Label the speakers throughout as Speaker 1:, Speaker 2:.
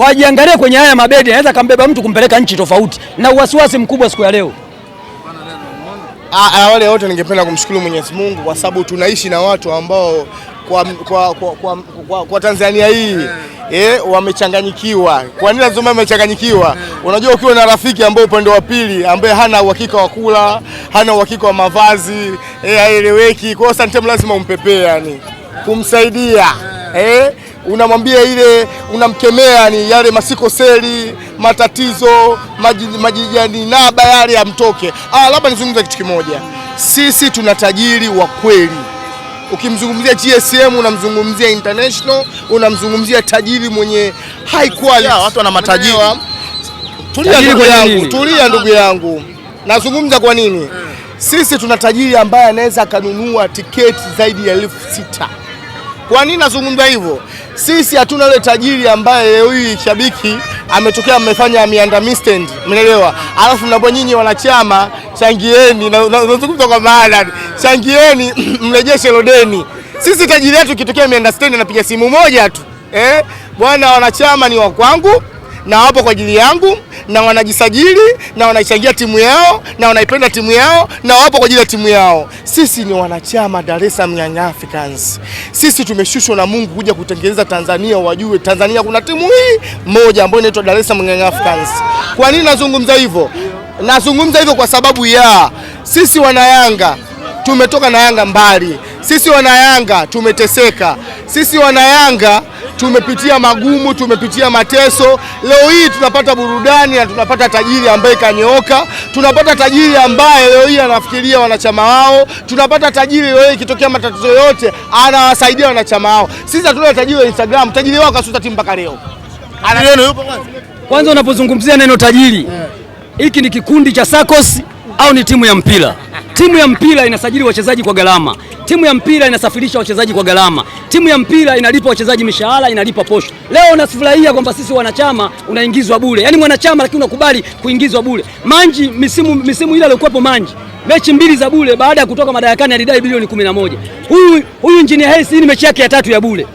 Speaker 1: wajiangalie kwenye haya mabedi, anaweza kambeba mtu kumpeleka nchi tofauti, na uwasiwasi mkubwa siku ya leo.
Speaker 2: Ah, ah, wale wote ningependa kumshukuru Mwenyezi Mungu kwa sababu tunaishi na watu ambao kwa, kwa, kwa, kwa, kwa, kwa Tanzania hii eh, eh wamechanganyikiwa. Kwa nini lazima wamechanganyikiwa? Eh. Unajua, ukiwa na rafiki ambaye upande wa pili ambaye hana uhakika wa kula, hana uhakika wa mavazi eh, haeleweki. Kwa hiyo lazima umpepee, yani kumsaidia eh, eh unamwambia ile, unamkemea ni yale masikoseli, matatizo, majijani naba yale yamtoke. Ah, labda nizungumza kitu kimoja, sisi tuna tajiri wa kweli. Ukimzungumzia GSM unamzungumzia international, unamzungumzia tajiri mwenye high quality.
Speaker 1: Watu wana matajiri.
Speaker 2: Tulia ndugu yangu, tulia ndugu yangu, nazungumza kwa nini? Eh. Sisi tuna tajiri ambaye anaweza akanunua tiketi zaidi ya elfu sita kwa nini nazungumza hivyo? Sisi hatuna yule tajiri ambaye leo hii shabiki ametokea amefanya mianda stand, mnaelewa? Alafu mnapo nyinyi wanachama changieni, nazungumza kwa maana changieni, mrejeshe lodeni. Sisi tajiri yetu ikitokea mianda stand anapiga simu moja tu eh, bwana wanachama ni wa kwangu na wapo kwa ajili yangu na wanajisajili na wanaichangia timu yao na wanaipenda timu yao na wapo kwa ajili ya timu yao. Sisi ni wanachama Dar es Salaam Young Africans. Sisi tumeshushwa na Mungu kuja kutengeneza Tanzania, wajue Tanzania kuna timu hii moja ambayo inaitwa Dar es Salaam Young Africans. Kwa nini nazungumza hivyo? Nazungumza hivyo kwa sababu ya sisi wanayanga tumetoka na Yanga mbali. Sisi wanayanga tumeteseka. Sisi wanayanga tumepitia magumu, tumepitia mateso. Leo hii tunapata burudani na tunapata tajiri ambaye kanyooka, tunapata tajiri ambaye leo hii anafikiria wanachama wao, tunapata tajiri leo hii ikitokea matatizo yote anawasaidia wanachama wao. Sisi hatuna tajiri wa Instagram, tajiri wao kasuta timu mpaka leo.
Speaker 1: Kwanza unapozungumzia neno tajiri, hiki ni kikundi cha SACCOS au ni timu ya mpira? Timu ya mpira inasajili wachezaji kwa gharama, timu ya mpira inasafirisha wachezaji kwa gharama, timu ya mpira inalipa wachezaji mishahara, inalipa posho. Leo unafurahia kwamba sisi wanachama unaingizwa bure, yaani mwanachama lakini unakubali kuingizwa bure. Manji misimu, misimu ile alikuwepo Manji mechi mbili za bure, baada ya kutoka madarakani alidai bilioni 11. Huyu huyu injinia Hersi, hii ni mechi yake ya tatu ya bure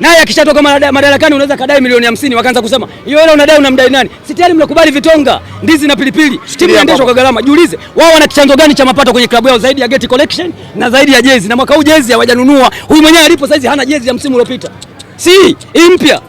Speaker 1: naye akishatoka madarakani unaweza kadai milioni hamsini, wakaanza kusema hiyo hela unadai unamdai nani? Si tayari mnakubali vitonga, ndizi na pilipili. Timu inaendeshwa kwa gharama. Jiulize wao wana kichanzo gani cha mapato kwenye klabu yao zaidi ya gate collection na zaidi ya jezi, na mwaka huu jezi hawajanunua. Huyu mwenyewe alipo saizi hana jezi ya msimu uliopita, si hii mpya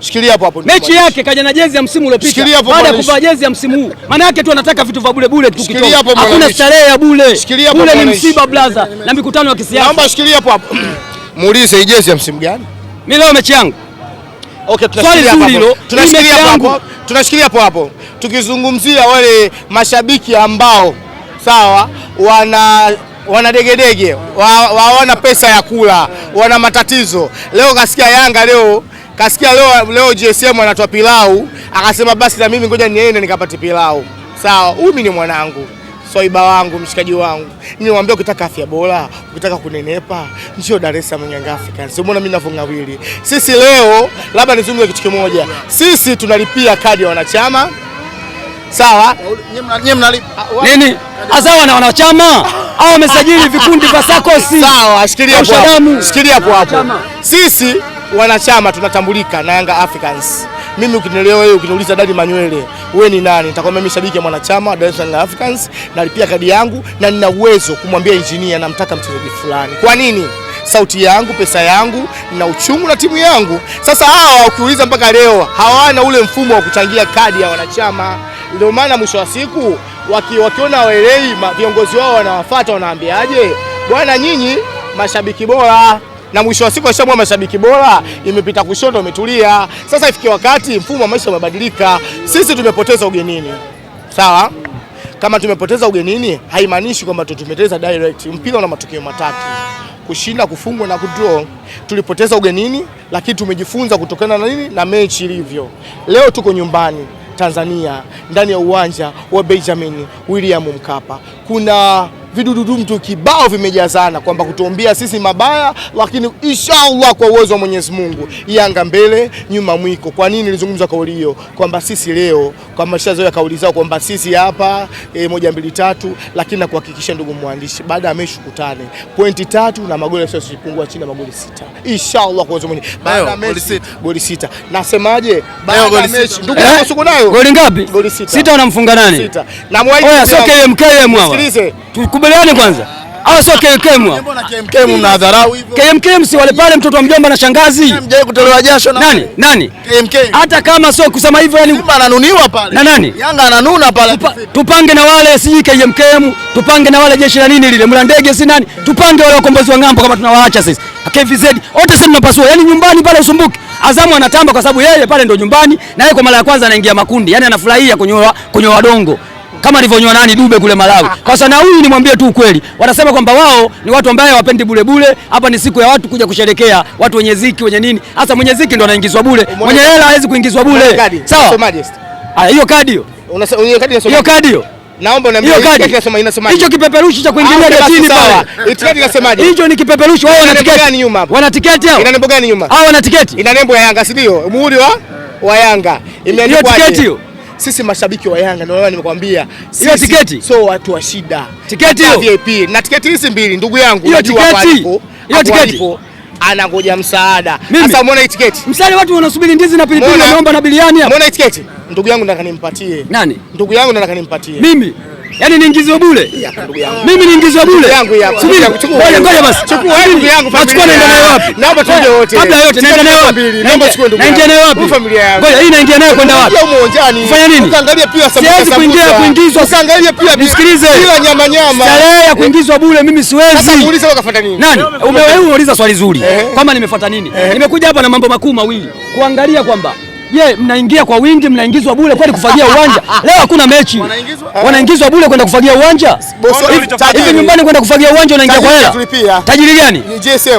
Speaker 2: Shikilia hapo hapo.
Speaker 1: Mechi yake kaja na jezi ya msimu uliopita. Baada ya kuvaa jezi ya msimu huu. Maana yake tu anataka vitu vya bure bure tu kitoka. Hakuna starehe ya bure. Bure ni msiba blaza na mikutano ya kisiasa.
Speaker 2: Naomba shikilia hapo hapo. Muulize hii jezi ya msimu gani? Mimi leo mechi yangu.
Speaker 1: Okay, tunashikilia hapo hapo.
Speaker 2: Tunashikilia hapo hapo. Tunashikilia hapo hapo. Tukizungumzia wale mashabiki ambao sawa wana wana degedege waona pesa ya kula, wana matatizo. Leo kasikia Yanga leo kasikia leo leo JSM anatoa pilau, akasema basi na mimi ngoja niende nikapate pilau. Sawa, huyu ni mwanangu swaiba wangu, mshikaji wangu, niwaambia ukitaka afya bora, ukitaka kunenepa, njio Dar es Salaam Young Africans. Umeona mimi navongawili. Sisi leo labda nizungumze kitu kimoja, sisi tunalipia kadi ya wanachama Sawa, ah,
Speaker 1: nini hasa na wanachama au wamesajili vikundi vya sakosi?
Speaker 2: Sawa, shikilia hapo hapo. Sisi wanachama tunatambulika na Yanga Africans. Mimi ukinielewa wewe, ukiniuliza Dadi Manywele wewe ni nani, nitakwambia mimi shabiki ya mwanachama Dar es Salaam Africans, nalipia kadi yangu na nina uwezo kumwambia injinia namtaka mchezaji fulani. Kwa nini? sauti yangu, pesa yangu na uchungu na timu yangu. Sasa hawa ukiuliza, mpaka leo hawana ule mfumo wa kuchangia kadi ya wanachama. Ndio maana mwisho wa siku waki, wakiona waelewi viongozi wao wanawafuata, wanaambiaje, bwana, nyinyi mashabiki bora na mwisho wa siku akishakuwa mashabiki bora, imepita kushoto, umetulia. Sasa ifike wakati, mfumo wa maisha umebadilika. Sisi tumepoteza ugenini, sawa. Kama tumepoteza ugenini, haimaanishi kwamba tutumepoteza direct. Mpira una matokeo matatu: kushinda, kufungwa na kudraw. Tulipoteza ugenini, lakini tumejifunza kutokana na nini? Na mechi ilivyo leo. Tuko nyumbani Tanzania, ndani ya uwanja wa Benjamin William Mkapa kuna vidududu mtu kibao vimejazana, kwamba kutuombia sisi mabaya, lakini inshallah kwa uwezo wa Mwenyezi Mungu, Yanga mbele nyuma mwiko. Kwa nini nilizungumza kauli hiyo? Kwamba sisi leo kwa kama ya kauli zao kwamba sisi hapa e, moja mbili tatu, lakini nakuhakikisha ndugu mwandishi, baada ya mechi kutane pointi tatu na magoli sio sipungua chini ya magoli sita, inshallah kwa uwezo wa Mwenyezi baada ya mechi goli sita. Nasemaje? baada ya mechi
Speaker 1: ndugu yangu, eh? suko nayo goli ngapi? Goli sita. Sita wanamfunga nani? Sita.
Speaker 2: Na mwaidi. Oya soke MKM hawa. Sikilize
Speaker 1: tukubaliane kwanza, hawa sio? KMKM dharau hivyo. KMKM si wale pale mtoto wa mjomba na shangazi.
Speaker 2: Mjaye kutolewa jasho na
Speaker 1: nani? Nani? KMKM. Hata kama sio kusema hivyo, yani
Speaker 2: Simba ananuniwa pale.
Speaker 1: Na nani? Yanga
Speaker 2: ananuna pale. Tupa,
Speaker 1: Tupange na wale si KMKM, tupange na wale jeshi la nini lile, mla ndege si nani? Tupange wale wakombozi wa ng'ambo kama tunawaacha sisi. KVZ wote sasa tunapasua. Yaani nyumbani pale usumbuki. Azamu anatamba kwa sababu yeye pale ndio nyumbani na yeye kwa mara ya kwanza anaingia makundi. Yaani anafurahia kunyoa kunyoa wadongo kama alivyonywa nani Dube kule Malawi. Ah. Kwa na huyu nimwambie tu ukweli, wanasema kwamba wao ni watu ambao hawapendi bure bure. Hapa ni siku ya watu kuja kusherekea, watu wenye ziki wenye nini. Hasa mwenye ziki ndo anaingizwa bure, mwenye hela hawezi kuingizwa bure. Sawa ah, hiyo kadi hiyo, hiyo kadi hiyo hicho kipeperushi cha kuingilia ah, getini pale, hicho ni kipeperushi. Wao wana tiketi gani nyuma
Speaker 2: Wana tiketi hao,
Speaker 1: Ina nembo gani nyuma? Hao
Speaker 2: wana tiketi, ina nembo
Speaker 1: ya Yanga, si ndio? Muhuri wa wa Yanga, imeandikwa hiyo tiketi hiyo
Speaker 2: sisi mashabiki wa Yanga ndio maana nimekwambia
Speaker 1: hiyo tiketi,
Speaker 2: so watu wa shida tiketi hiyo VIP na tiketi hizi mbili, ndugu yangu,
Speaker 1: hiyo tiketi hiyo
Speaker 2: tiketi anangoja msaada. Sasa umeona hii tiketi, msali, watu
Speaker 1: wanasubiri ndizi na pilipili, naomba na biliani hapa.
Speaker 2: Umeona hii tiketi, ndugu yangu, nataka nimpatie
Speaker 1: nani? Ndugu yangu
Speaker 2: nataka nimpatie
Speaker 1: mimi Yaani niingizwe bure. Mimi niingizwe bure. Subiri. Ngoja ngoja basi.
Speaker 2: Chukua ndugu yaani yangu
Speaker 1: familia. Eh, chukua Naenda nayo wapi?
Speaker 2: Naomba tuende wote.
Speaker 1: Kabla yote naenda nayo wapi? Naomba chukue ndugu. Naenda nayo wapi?
Speaker 2: Familia yangu. Ngoja
Speaker 1: hii naingia nayo kwenda wapi? Fanya nini? Ukaangalia pia
Speaker 2: sababu sababu. Siwezi kuingia kuingizwa.
Speaker 1: Ukaangalia pia nisikilize. Bila
Speaker 2: nyama nyama. Starehe
Speaker 1: ya kuingizwa bure mimi siwezi. Sasa
Speaker 2: muulize wewe kafuata nini?
Speaker 1: Nani? Umeuliza eh. swali zuri. Eh. Kama nimefuata nini? Nimekuja hapa na mambo makuu mawili. Kuangalia kwamba ye mnaingia kwa wingi, mnaingizwa bure kwenda kufagia uwanja? Leo hakuna mechi, wanaingizwa bure kwenda kufagia uwanja. Hivi nyumbani kwenda kufagia uwanja unaingia kwa hela? Tajiri gani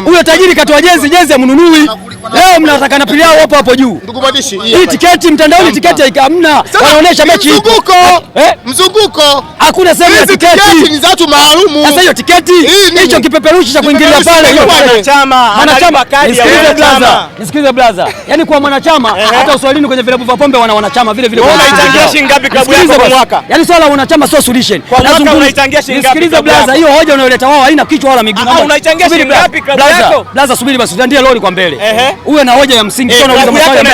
Speaker 1: huyo? Tajiri katoa jezi, jezi amnunui leo mnataka na pilau hapo hapo juu. Ndugu mwandishi, hii tiketi mtandaoni, tiketi haikamna. wanaonesha mechi
Speaker 2: mzunguko, eh, eh? Mzunguko
Speaker 1: hakuna sehemu ya tiketi,
Speaker 2: ni za watu maalumu.
Speaker 1: Sasa hiyo tiketi, hicho kipeperushi cha kuingilia pale, hiyo
Speaker 2: mwanachama analipa kadi ya
Speaker 1: mwanachama. Nisikilize blaza, yaani kwa mwanachama hata uswalini kwenye vilabu vya pombe wana wanachama
Speaker 2: vile vile. Unaichangia shilingi ngapi klabu yako kwa mwaka?
Speaker 1: Yaani swala wanachama sio solution.
Speaker 2: Kwa mwaka unaichangia shilingi
Speaker 1: ngapi? Nisikilize blaza, hiyo hoja unayoleta wao haina kichwa wala miguu.
Speaker 2: Ah, ah, unaichangia shilingi ngapi klabu yako?
Speaker 1: Blaza subiri basi, ndio lori kwa mbele Ehe uwe na hoja ya msingi. sio unauliza maswali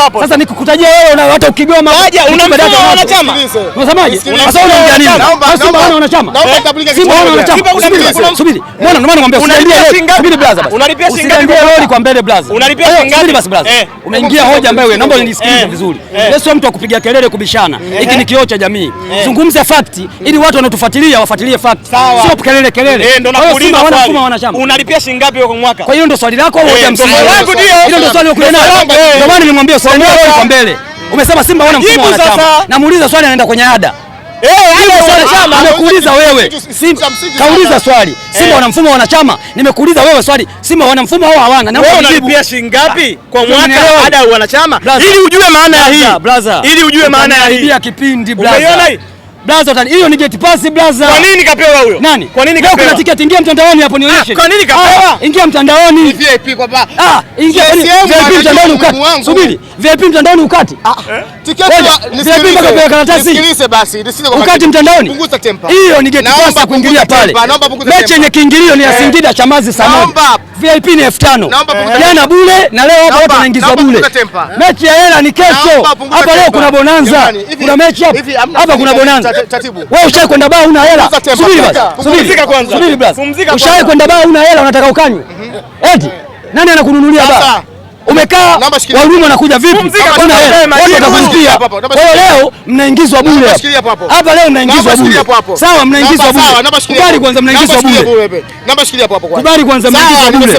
Speaker 1: hapo. Sasa nikukutajia wewe na hata ukigoma
Speaker 2: haja wanachama.
Speaker 1: Sasa unaongea nini? Naomba wana wanachama. Simba wana wanachama. Subiri. Mbona ndio maana nakwambia subiri blaza basi. Unalipia shilingi ngapi lori kwa mbele brother. Unalipia shilingi ngapi basi brother. Eh, Umeingia hoja ambayo wewe naomba unisikilize eh, vizuri. Leo eh. sio mtu wa kupiga kelele kubishana. Hiki ni kioo cha jamii. Zungumza fact ili watu wanatufuatilia wafuatilie fact. Sio kelele kelele. Simba wana wanachama.
Speaker 2: Unalipia shilingi ngapi kwa mwaka? Kwa
Speaker 1: hiyo ndio swali lako au hoja msingi?
Speaker 2: wangu ndio.
Speaker 1: swali ukulena. Ndio maana nimwambia swali kwa mbele. Umesema Simba wana mfumo wa chama. Namuuliza swali anaenda kwenye ada.
Speaker 2: Eh, ah,
Speaker 1: nimekuuliza ah, wewe. kauliza swali. Eh. Simba wana mfumo wanachama. Nimekuuliza wewe swali. Simba wana mfumo au hawana?
Speaker 2: Na wewe unalipia shilingi ngapi ah, kwa mwaka ada wanachama? Ili ujue maana ya
Speaker 1: hii. Ili ujue
Speaker 2: maana ya hii.
Speaker 1: Kipindi brother. Blaza, hiyo ni jet pass blaza.
Speaker 2: Kwa nini kapewa huyo?
Speaker 1: Nani? Kwa nini kapewa? Leo kuna tiketi, ingia mtandaoni hapo nionyeshe.
Speaker 2: Ah, kwa nini ah, kapewa?
Speaker 1: Ah, ingia mtandaoni. Ni
Speaker 2: VIP kwa baba.
Speaker 1: Ah, ingia VIP mtandaoni ukati. Subiri. VIP mtandaoni ukati. Ah.
Speaker 2: Eh? Eh? Tiketi
Speaker 1: nisikilize. Kwa karatasi. Nisikilize basi. kwa ukati mtandaoni.
Speaker 2: Punguza tempa. Hiyo
Speaker 1: ni jet pass kuingilia pale. Mechi yenye kiingilio ni ya eh, Singida Chamazi saa moja. Naomba VIP ni 5000. Jana bure na leo hapa watu bure. Mechi ya hela ni kesho. Hapa leo kuna bonanza. Kuna mechi hapa. Hapa kuna bonanza. Eh, wewe ushawahi kwenda baa una hela? Subiri basi. Subiri kwanza. Subiri basi. Ushawahi kwenda baa una hela unataka ukanywe? Mhm. Eti nani anakununulia baa? umekaa walimu wanakuja vipi? Watakufikia. Kwa hiyo leo mnaingizwa bure hapa, leo mnaingizwa bure. Sawa, mnaingizwa bure. Kubali kwanza, mnaingizwa bure. Kubali kwanza, mnaingizwa bure.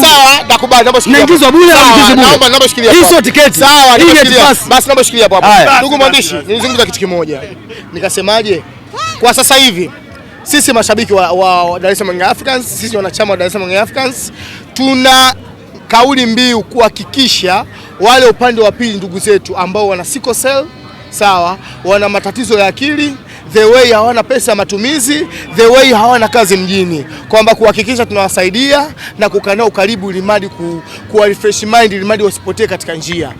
Speaker 1: sawa? Nakubali, shikilia mnaingizwa mnaingizwa bure, bure, naomba, Hii sio tiketi, hii ni pasi.
Speaker 2: Basi naomba shikilia hapo hapo.
Speaker 1: Ndugu mwandishi, nilizungumza kitu kimoja nikasemaje? Kwa sasa hivi sisi mashabiki wa wa Dar es Salaam Africans, sisi wanachama wa Dar es Salaam Africans tuna kauli mbiu kuhakikisha wale upande wa pili ndugu zetu ambao wana sickle cell sawa, wana matatizo ya akili the way hawana pesa ya matumizi, the way hawana kazi mjini, kwamba kuhakikisha tunawasaidia na kukanao ukaribu, ili mradi ku, ku refresh mind, ili mradi wasipotee katika njia.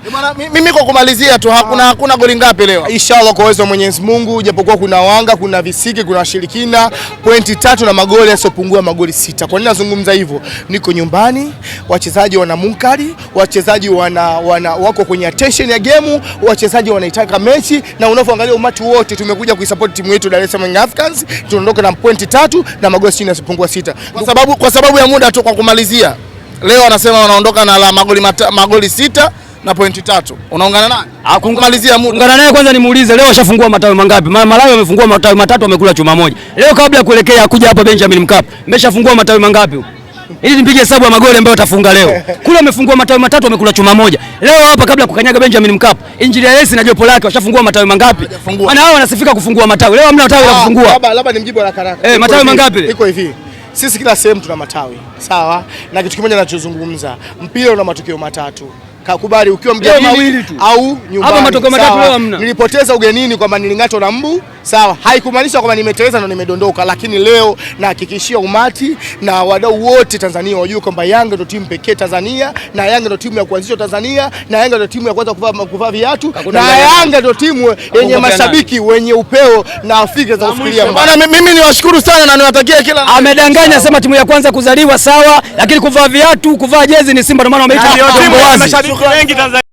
Speaker 1: Mimi kwa kumalizia tu, hakuna hakuna goli ngapi leo, inshallah kwa uwezo wa Mwenyezi Mungu, japokuwa kuna wanga, kuna visiki, kuna washirikina, pointi tatu na magoli yasiopungua magoli sita. Kwa nini nazungumza hivyo? Niko nyumbani, wachezaji wana munkari, wachezaji wana, wana wako kwenye attention ya game, wachezaji wanaitaka mechi, na unavyoangalia umati wote tumekuja kuisupport timu yetu Dar es Salaam Africans tunaondoka na pointi tatu na magoli yasipungua sita, kwa sababu, kwa sababu ya muda tu. Kwa kumalizia leo anasema wanaondoka na magoli, magoli sita na pointi tatu. Unaungana naye? Ah, kumalizia muda. Ungana naye kwanza nimuulize leo washafungua matawi mangapi? Maana Malawi wamefungua matawi matatu wamekula chuma moja. Leo kabla ya kuelekea kuja hapa Benjamin Mkapa, mmeshafungua matawi mangapi? Ili nipige hesabu ya magoli ambayo atafunga leo. Kule wamefungua matawi matatu wamekula chuma moja. Leo hapa kabla ya kukanyaga Benjamin Mkapa, Yesu na jopo lake washafungua matawi mangapi? Maana wao wanasifika kufungua matawi. Leo hamna matawi la ah, kufungua. Labda
Speaker 2: labda ni mjibu haraka haraka.
Speaker 1: Eh, matawi mangapi?
Speaker 2: Iko hivi. Sisi kila sehemu tuna matawi. Sawa? Na kitu kimoja ninachozungumza, mpira una matokeo matatu. Kakubali ukiwa tu
Speaker 1: au nyumbani. Hapa matokeo matatu leo
Speaker 2: hamna. Nilipoteza ugenini kwamba niling'atwa na mbu. Sawa, haikumaanisha kwamba nimeteleza ndo nimedondoka, lakini leo nahakikishia umati na wadau wote Tanzania wajue kwamba Yanga ndo timu pekee Tanzania na Yanga ndo timu ya kuanzishwa Tanzania na Yanga ndo timu ya kwanza kuvaa viatu na Yanga ndo timu yenye mashabiki wenye upeo na fikra za kufikiria.
Speaker 1: Bwana, mimi niwashukuru sana na niwatakia kila. Amedanganya sema timu ya kwanza kuzaliwa sawa, lakini kuvaa viatu, kuvaa jezi ni Simba, ndio maana
Speaker 2: wameita mashabiki wengi Tanzania.